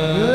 Uh...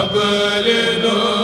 أبلدوا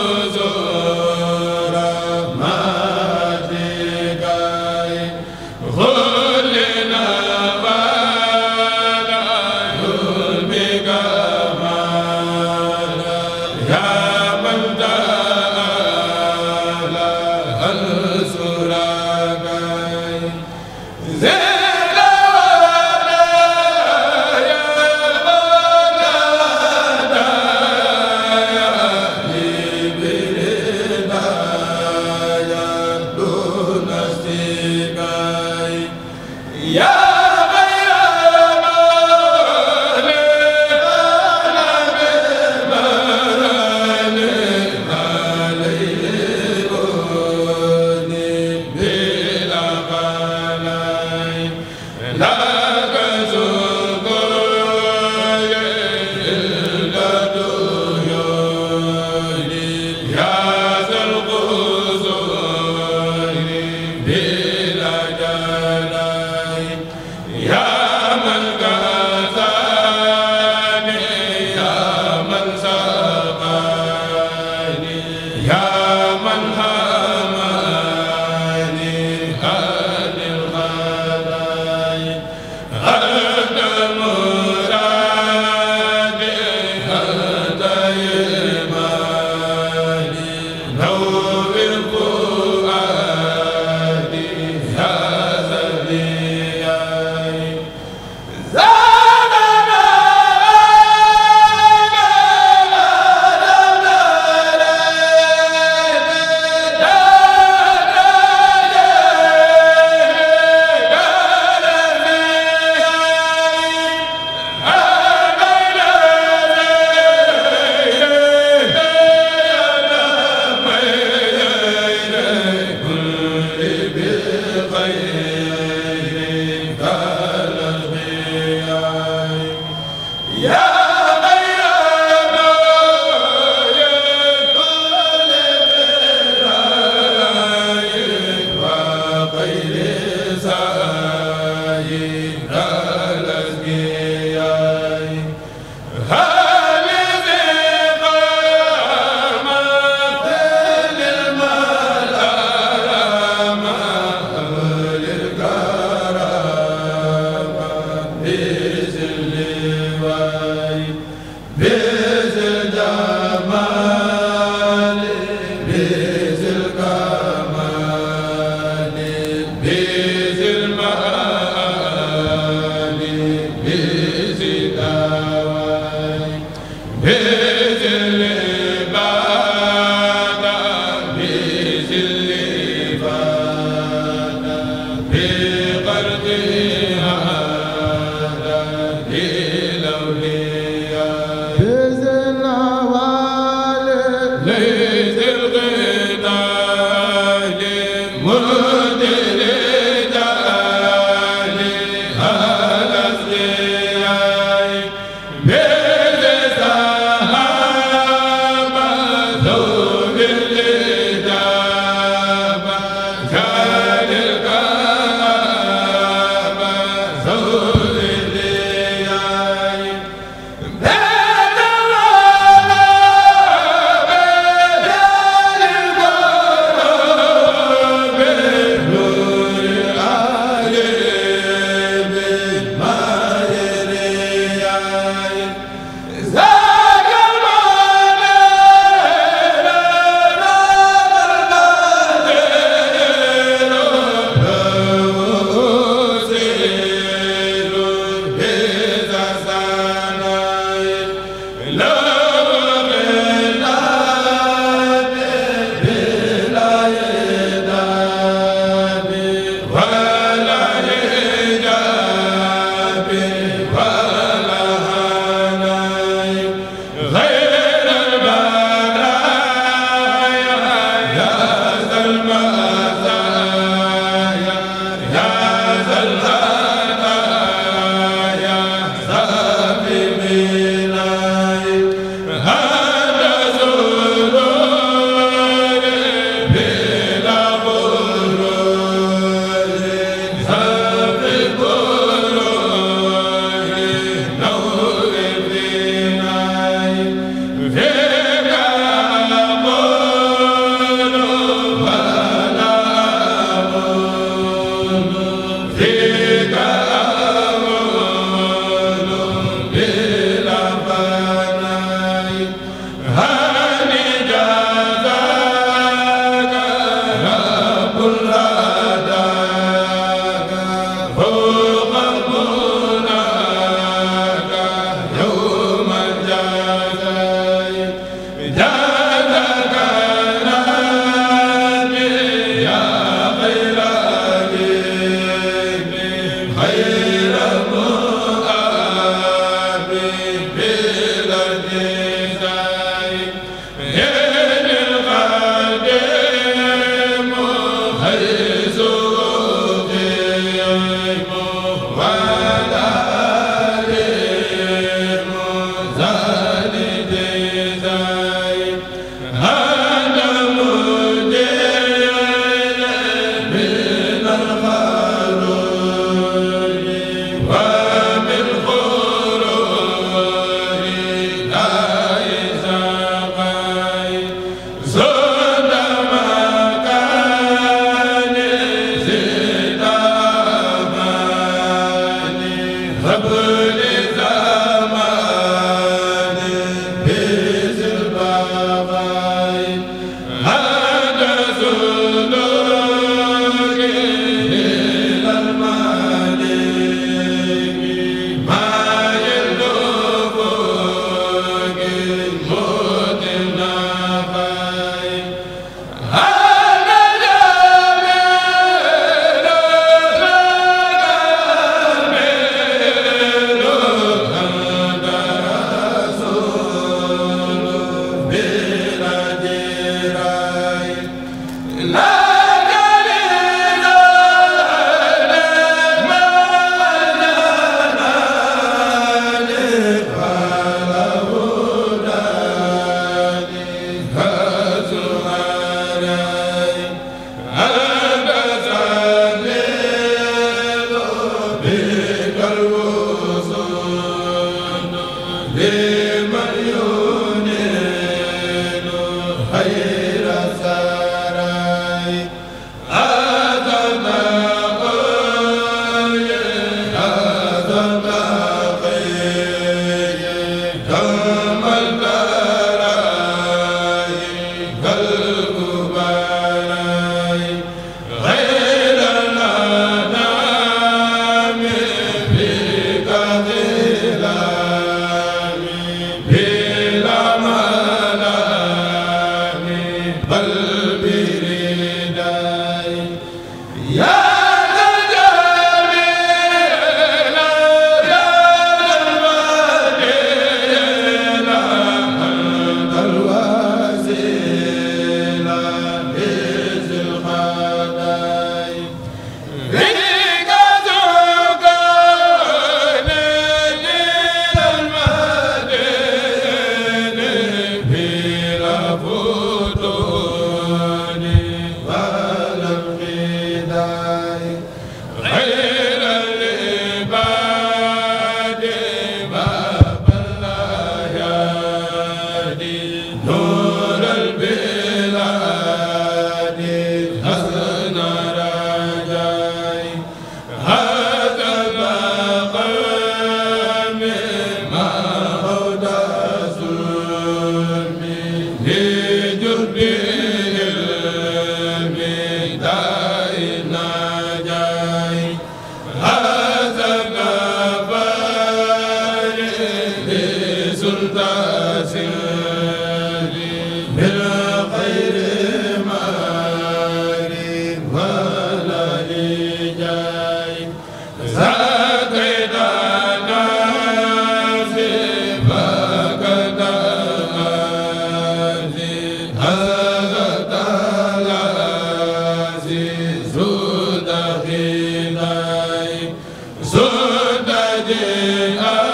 أحد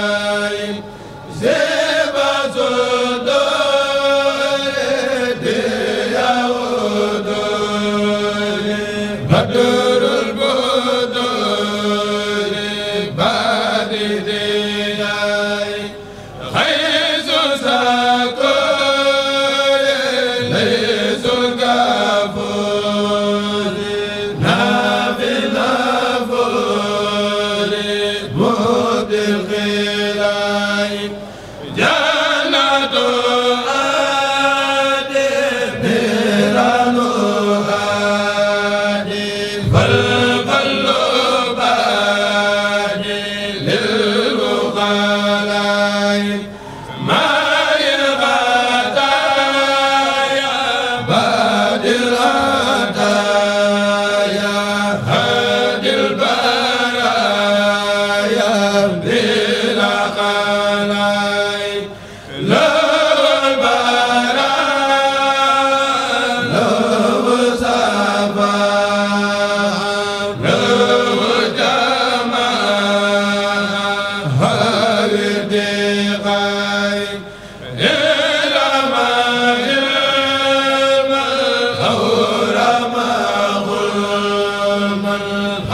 la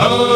Oh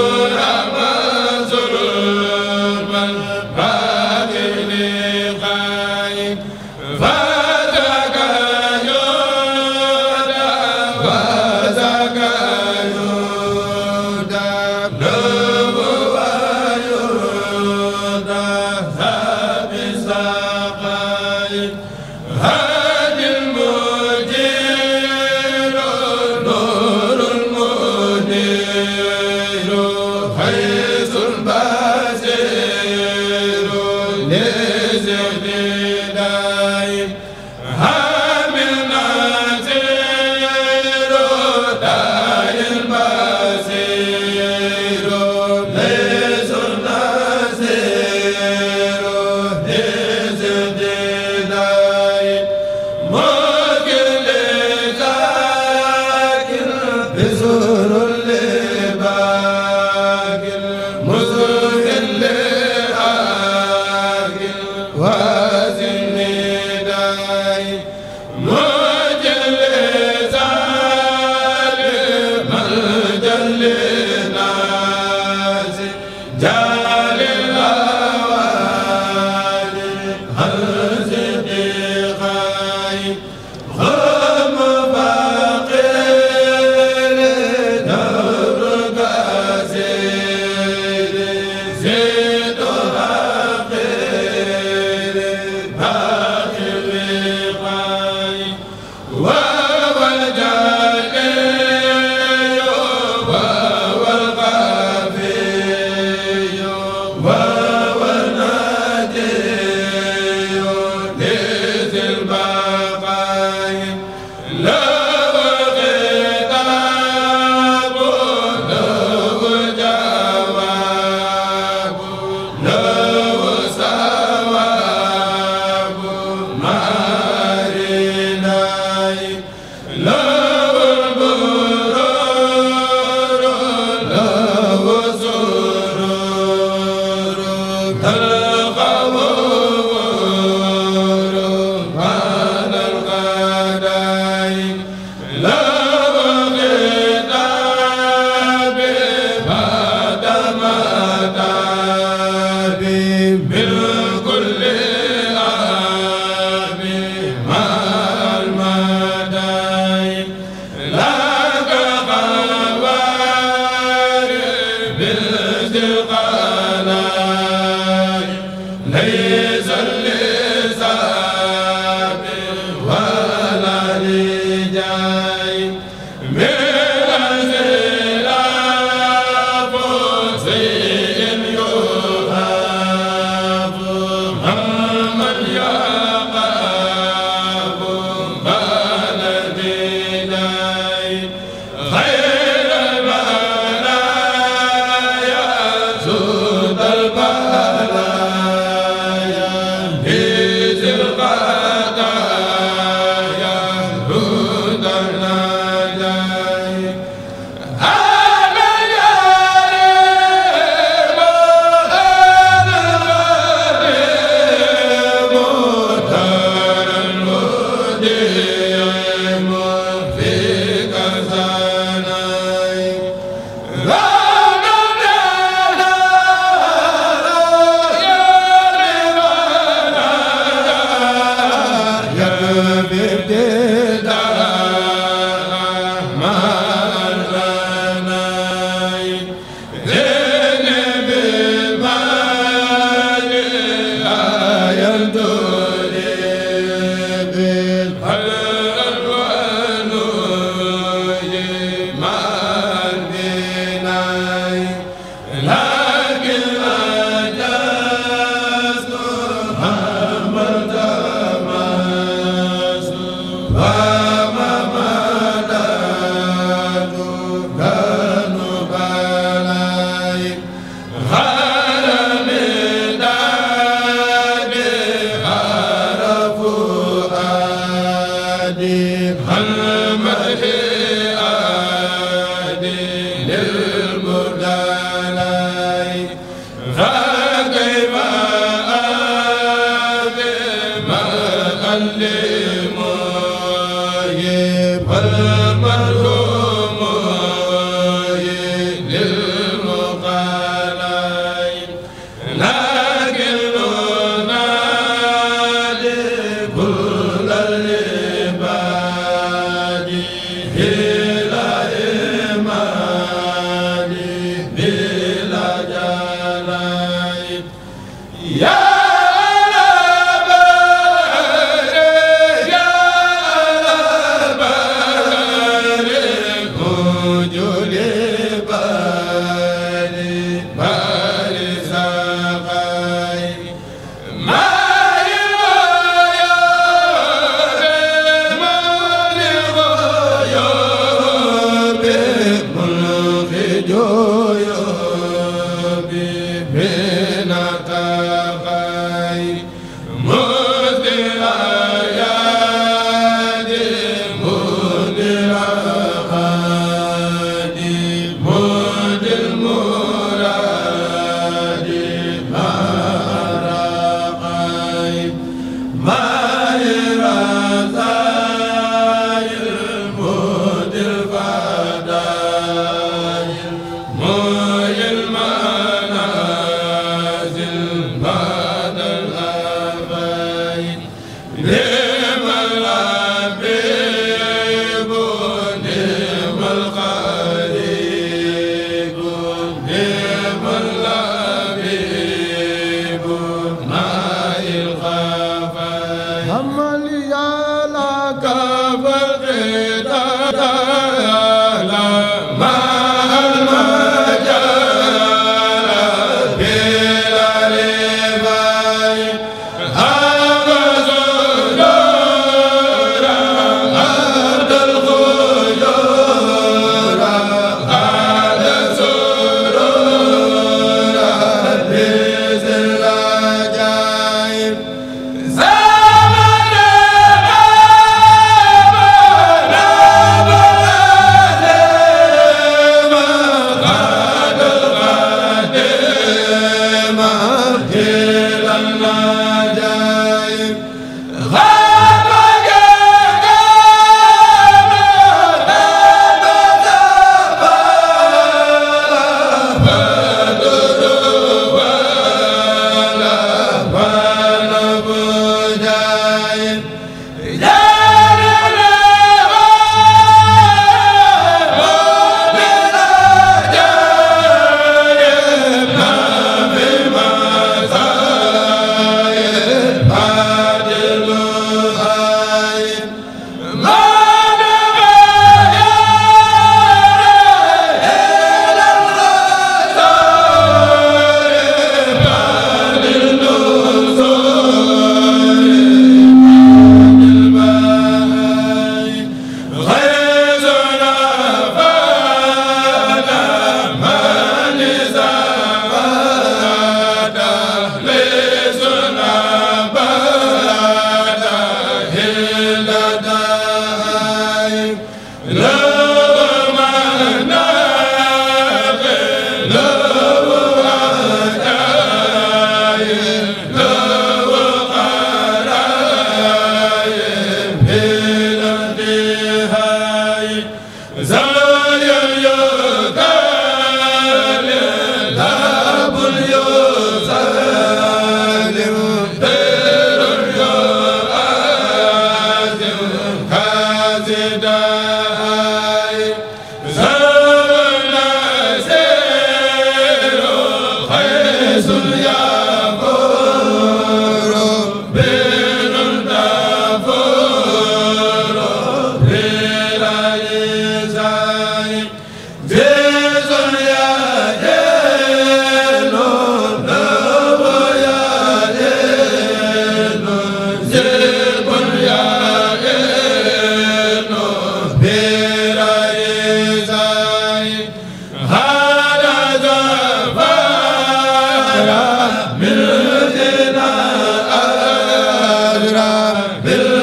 bil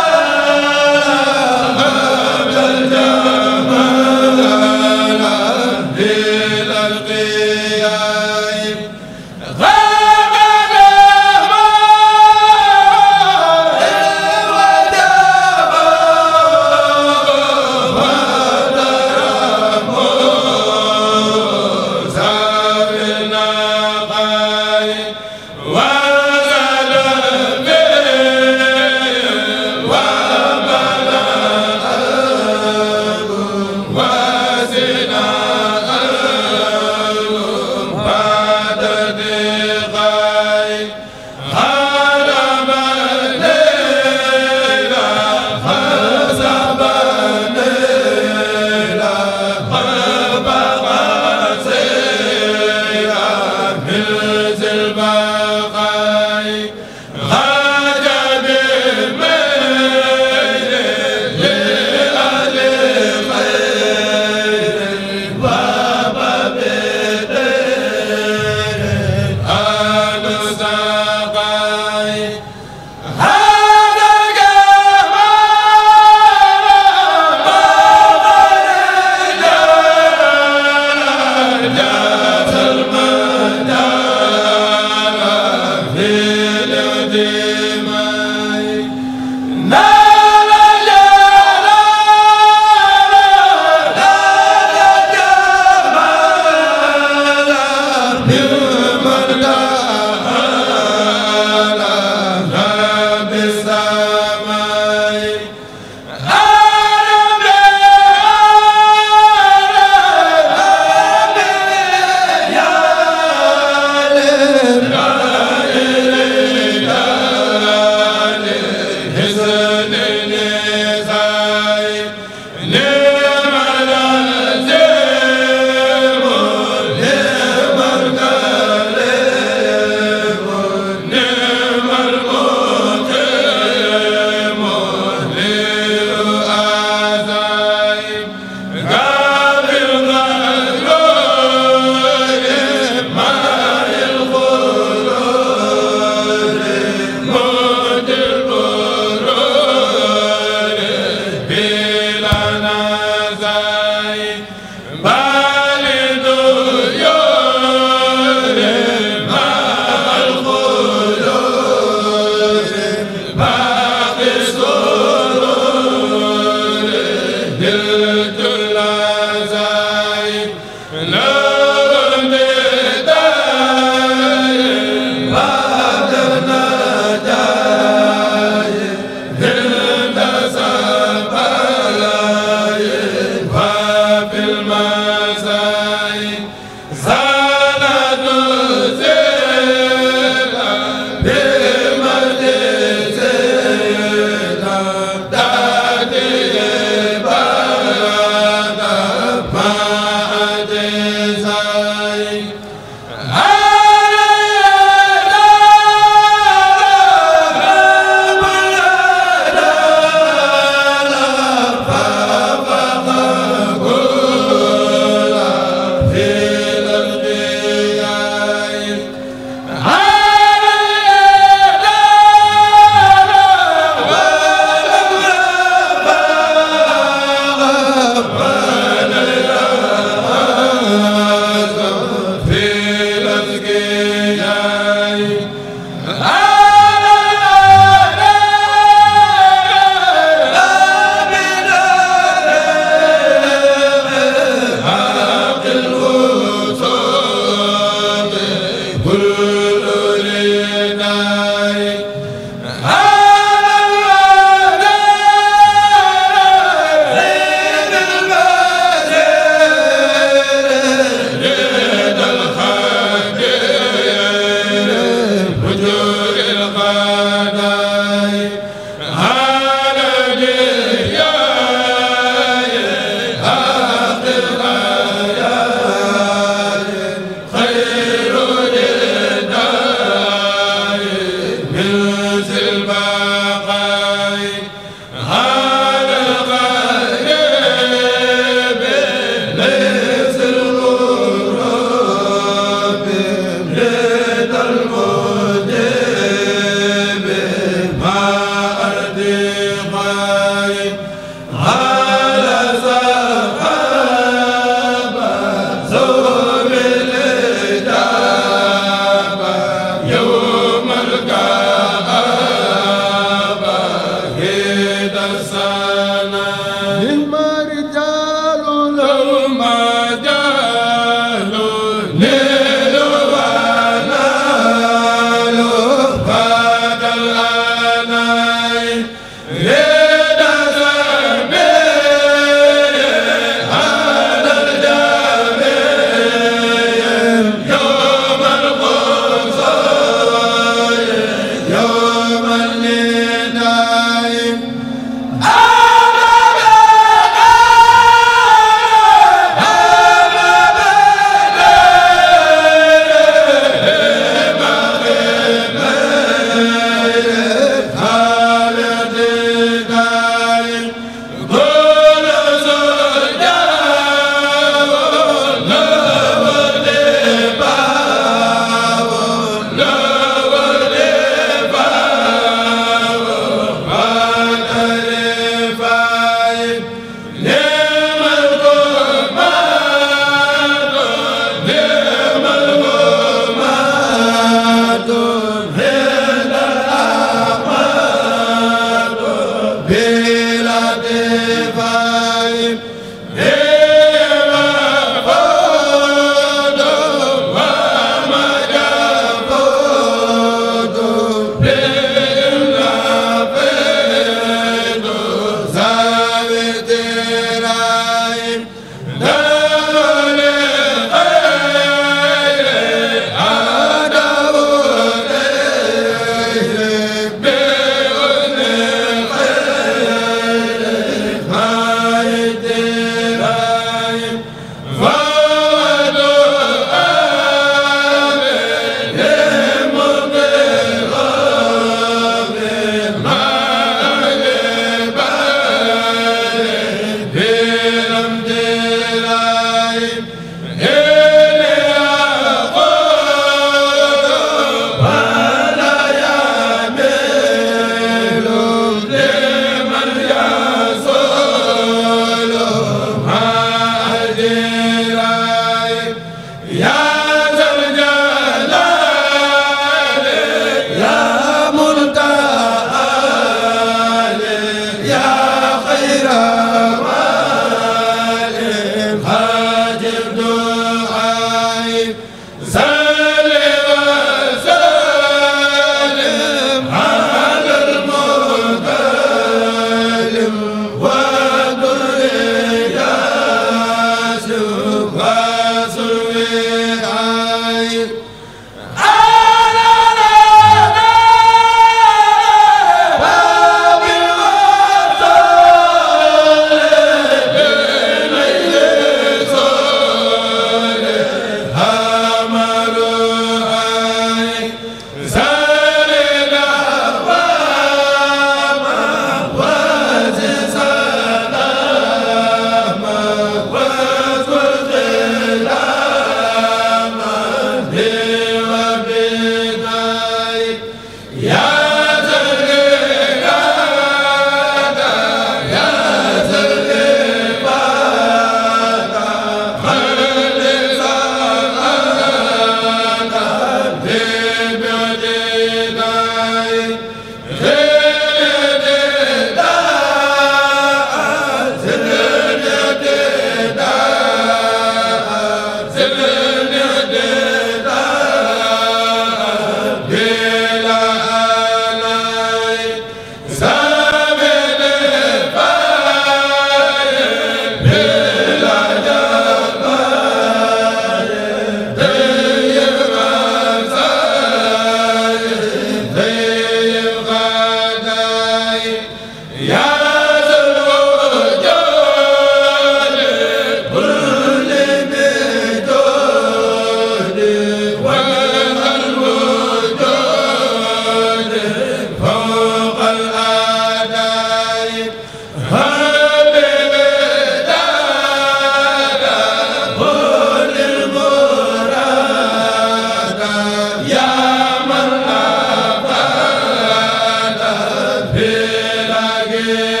Amen.